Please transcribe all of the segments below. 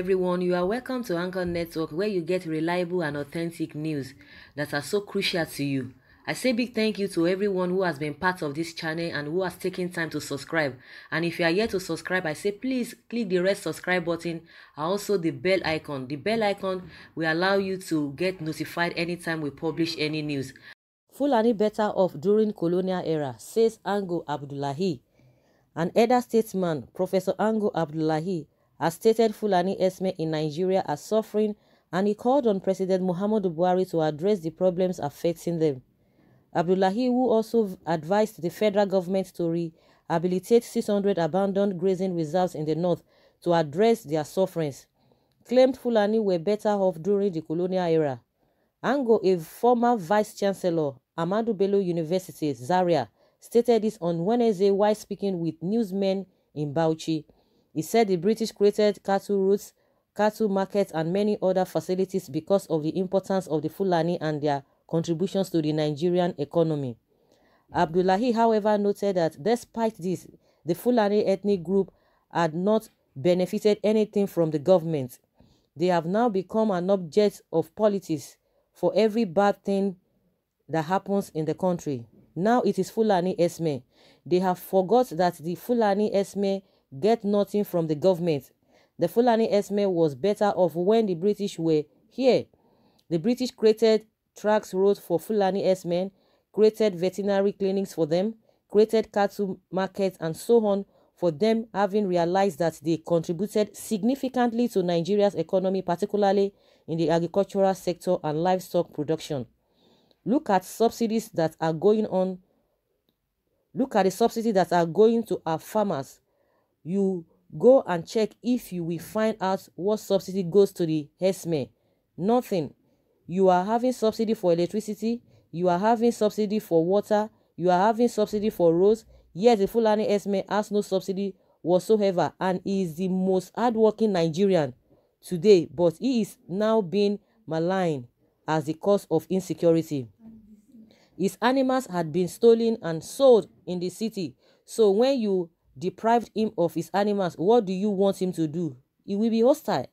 everyone. You are welcome to Anchor Network, where you get reliable and authentic news that are so crucial to you. I say big thank you to everyone who has been part of this channel and who has taken time to subscribe. And if you are yet to subscribe, I say please click the red subscribe button and also the bell icon. The bell icon will allow you to get notified anytime we publish any news. Fulani better off during colonial era, says Ango Abdullahi. An elder statesman, Professor Ango Abdullahi, as stated Fulani Esme in Nigeria are suffering and he called on President Muhammadu Buhari to address the problems affecting them. Abdullahi also advised the federal government to rehabilitate 600 abandoned grazing reserves in the north to address their sufferings, claimed Fulani were better off during the colonial era. Ango, a former vice-chancellor, Amadu Bello University, Zaria, stated this on Wednesday while speaking with newsmen in Bauchi. He said the British created cattle routes, cattle markets and many other facilities because of the importance of the Fulani and their contributions to the Nigerian economy. Abdullahi, however, noted that despite this, the Fulani ethnic group had not benefited anything from the government. They have now become an object of politics for every bad thing that happens in the country. Now it is Fulani Esme. They have forgot that the Fulani Esme get nothing from the government. The Fulani Esme was better off when the British were here. The British created tracks roads for Fulani S-men, created veterinary clinics for them, created cattle markets and so on for them having realized that they contributed significantly to Nigeria's economy, particularly in the agricultural sector and livestock production. Look at subsidies that are going on. Look at the subsidies that are going to our farmers you go and check if you will find out what subsidy goes to the herdsmen. Nothing. You are having subsidy for electricity, you are having subsidy for water, you are having subsidy for roads, yet the Fulani herdsman has no subsidy whatsoever and is the most hardworking Nigerian today, but he is now being maligned as the cause of insecurity. His animals had been stolen and sold in the city. So when you deprived him of his animals, what do you want him to do? He will be hostile.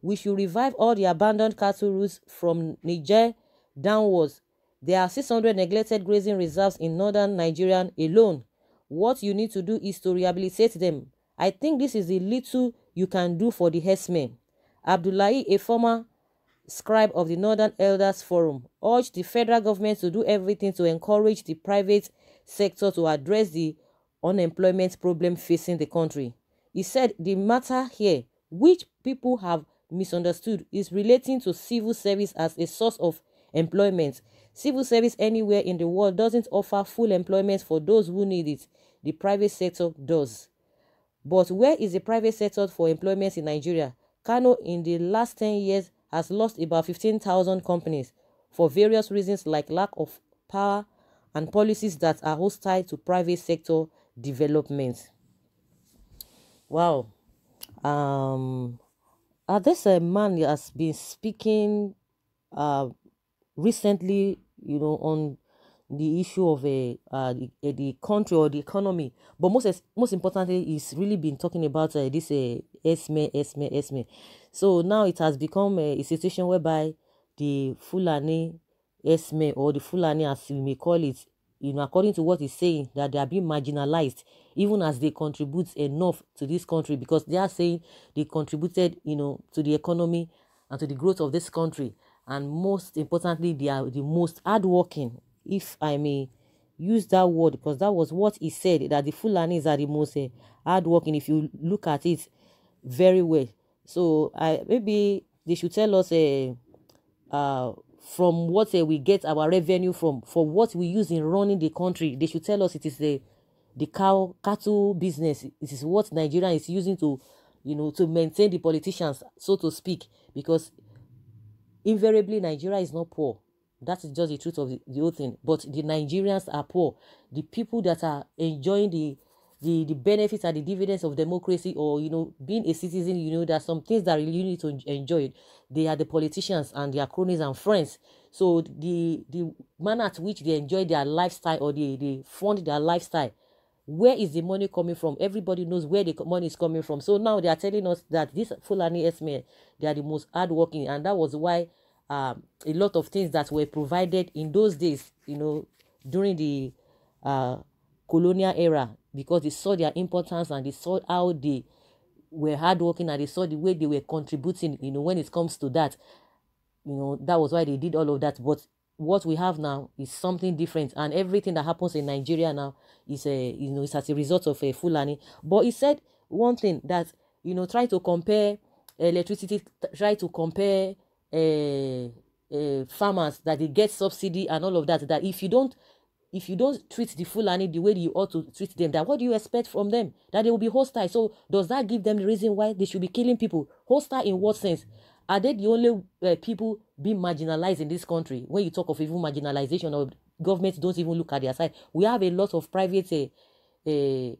We should revive all the abandoned cattle routes from Niger downwards. There are 600 neglected grazing reserves in northern Nigeria alone. What you need to do is to rehabilitate them. I think this is the little you can do for the herdsmen. Abdullahi, a former scribe of the Northern Elders Forum, urged the federal government to do everything to encourage the private sector to address the unemployment problem facing the country. He said the matter here, which people have misunderstood, is relating to civil service as a source of employment. Civil service anywhere in the world doesn't offer full employment for those who need it. The private sector does. But where is the private sector for employment in Nigeria? Kano in the last 10 years has lost about 15,000 companies for various reasons like lack of power and policies that are hostile to private sector development. Wow. Um, uh, this a man has been speaking uh, recently, you know, on the issue of a uh, uh, the, uh, the country or the economy but most most importantly he's really been talking about uh, this uh, esme esme esme so now it has become a, uh, a situation whereby the fulani esme or the fulani as we may call it you know, according to what he's saying, that they are being marginalized, even as they contribute enough to this country, because they are saying they contributed, you know, to the economy and to the growth of this country. And most importantly, they are the most hardworking, if I may use that word, because that was what he said, that the Fulanis are the most uh, hardworking, if you look at it very well. So I maybe they should tell us eh, uh, uh, from what uh, we get our revenue from, for what we use in running the country. They should tell us it is the the cow cattle business. It is what Nigeria is using to, you know, to maintain the politicians, so to speak, because invariably Nigeria is not poor. That is just the truth of the, the whole thing. But the Nigerians are poor. The people that are enjoying the the, the benefits and the dividends of democracy or, you know, being a citizen, you know, there are some things that really you need to enjoy. They are the politicians and their cronies and friends. So the the manner at which they enjoy their lifestyle or they, they fund their lifestyle where is the money coming from? Everybody knows where the money is coming from. So now they are telling us that these Fulani Esme, they are the most hardworking, and that was why um, a lot of things that were provided in those days, you know, during the uh, colonial era because they saw their importance and they saw how they were hardworking and they saw the way they were contributing, you know, when it comes to that. You know, that was why they did all of that. But what we have now is something different, and everything that happens in Nigeria now is a you know it's as a result of a full learning. But he said one thing that you know try to compare electricity, try to compare uh, uh, farmers that they get subsidy and all of that. That if you don't if you don't treat the Fulani the way you ought to treat them, that what do you expect from them? That they will be hostile. So does that give them the reason why they should be killing people? Hostile in what sense? Are they the only uh, people being marginalized in this country? When you talk of even marginalization or governments don't even look at their side. We have a lot of private uh, uh,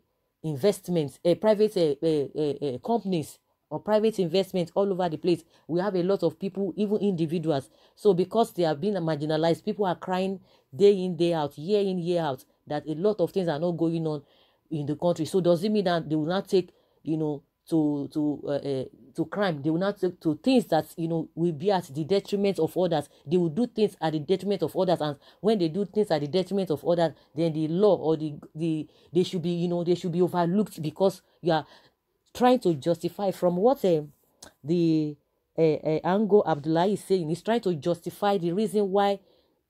investments, uh, private uh, uh, companies or private investment all over the place. We have a lot of people, even individuals. So because they have been marginalized, people are crying day in, day out, year in, year out, that a lot of things are not going on in the country. So does it mean that they will not take, you know, to to uh, uh, to crime? They will not take to things that you know will be at the detriment of others. They will do things at the detriment of others, and when they do things at the detriment of others, then the law or the the they should be you know they should be overlooked because you are trying to justify from what uh, the uh, uh, Ango Abdullah is saying. He's trying to justify the reason why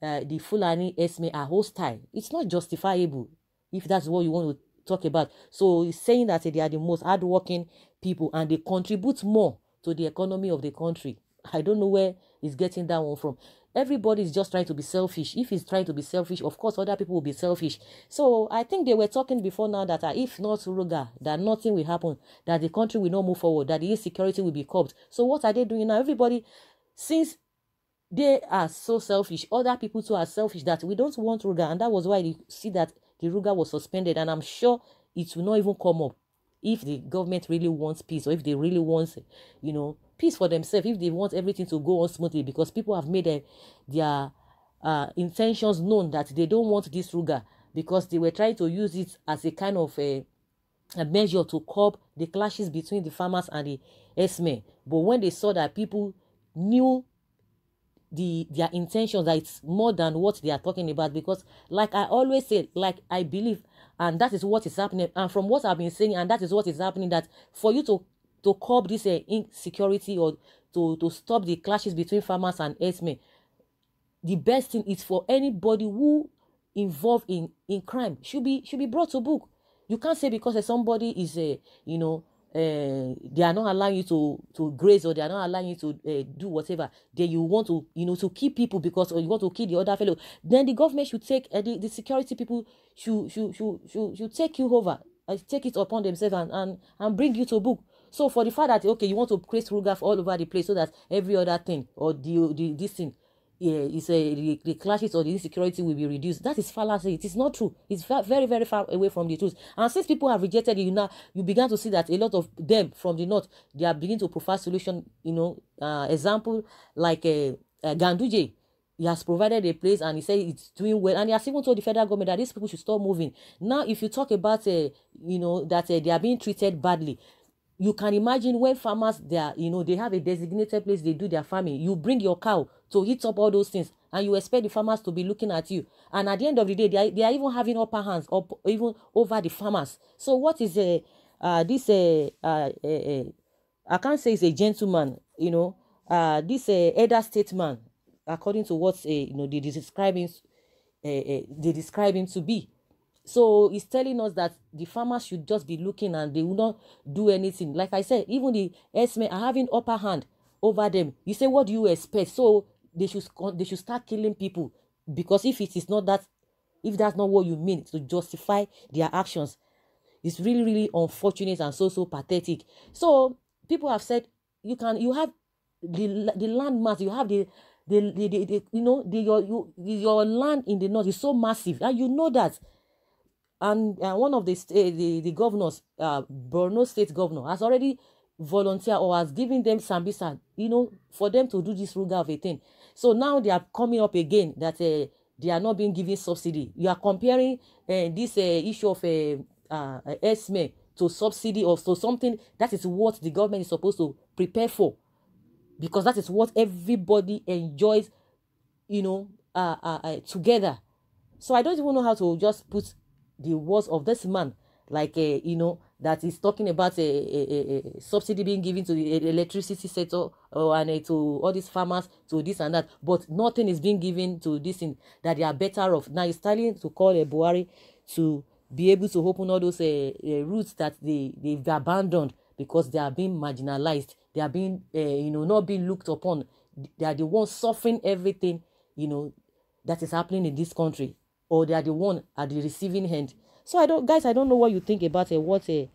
uh, the Fulani Esme are hostile. It's not justifiable if that's what you want to talk about. So he's saying that they are the most hardworking people and they contribute more to the economy of the country. I don't know where he's getting that one from. Everybody is just trying to be selfish. If he's trying to be selfish, of course, other people will be selfish. So I think they were talking before now that uh, if not Ruga, that nothing will happen, that the country will not move forward, that the insecurity will be curbed. So what are they doing now? Everybody, since they are so selfish, other people too are selfish that we don't want Ruga. And that was why you see that the Ruga was suspended. And I'm sure it will not even come up if the government really wants peace or if they really want you know peace for themselves if they want everything to go on smoothly because people have made their uh, intentions known that they don't want this ruga because they were trying to use it as a kind of a, eh, a measure to curb the clashes between the farmers and the S-men. But when they saw that people knew the their intentions that it's more than what they are talking about because like i always say like i believe and that is what is happening. And from what I've been saying, and that is what is happening, that for you to to curb this uh, insecurity or to, to stop the clashes between farmers and herdsmen, the best thing is for anybody who involved in, in crime should be should be brought to book. You can't say because somebody is a uh, you know uh, they are not allowing you to to graze or they are not allowing you to uh, do whatever then you want to you know to kill people because or you want to kill the other fellow then the government should take uh, the, the security people should should, should should should take you over uh, take it upon themselves and, and and bring you to book so for the fact that okay you want to create rule all over the place so that every other thing or the, the this thing yeah, it's a, the clashes or the insecurity will be reduced. That is fallacy. It is not true. It's very, very far away from the truth. And since people have rejected it, you now you began to see that a lot of them from the north they are beginning to prefer solution. You know, uh, example like uh, uh, Ganduje. He has provided a place and he said it's doing well. And he has even told the federal government that these people should stop moving. Now, if you talk about, uh, you know, that uh, they are being treated badly, you can imagine when farmers, they are, you know, they have a designated place they do their farming. You bring your cow to eat up all those things and you expect the farmers to be looking at you and at the end of the day they are, they are even having upper hands up even over the farmers so what is a uh, this uh, uh, I can't say it's a gentleman, you know. Uh, this uh, elder statesman, according to what uh, you know they describe him, uh, eh, they describe him to be. So he's telling us that the farmers should just be looking and they will not do anything. Like I said, even the S-men are having upper hand over them. You say, what do you expect? So they should they should start killing people because if it is not that if that's not what you mean to justify their actions it's really really unfortunate and so so pathetic so people have said you can you have the the land mass you have the the, the, the, the you know the your you, your land in the north is so massive and you know that and uh, one of the, uh, the the governors uh borno state governor has already volunteered or has given them sambisa you know for them to do this ruga of a thing so now they are coming up again that uh, they are not being given subsidy. You are comparing uh, this uh, issue of uh, uh, uh SME to subsidy or so something that is what the government is supposed to prepare for because that is what everybody enjoys, you know, uh, uh, uh, together. So I don't even know how to just put the words of this man like, uh, you know, that is talking about a, a, a, subsidy being given to the electricity sector or, oh, and eh, to all these farmers to this and that, but nothing is being given to this thing that they are better off. Now it's starting to call a eh, Buhari to be able to open all those uh, uh, routes that they, they've abandoned because they are being marginalized. They are being, uh, you know, not being looked upon. They are the ones suffering everything, you know, that is happening in this country. Or they are the one at the receiving end So I don't, guys, I don't know what you think about it. what A, eh,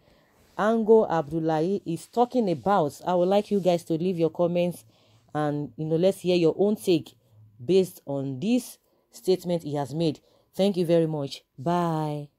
Ango Abdullahi is talking about. I would like you guys to leave your comments and you know let's hear your own take based on this statement he has made. Thank you very much. Bye.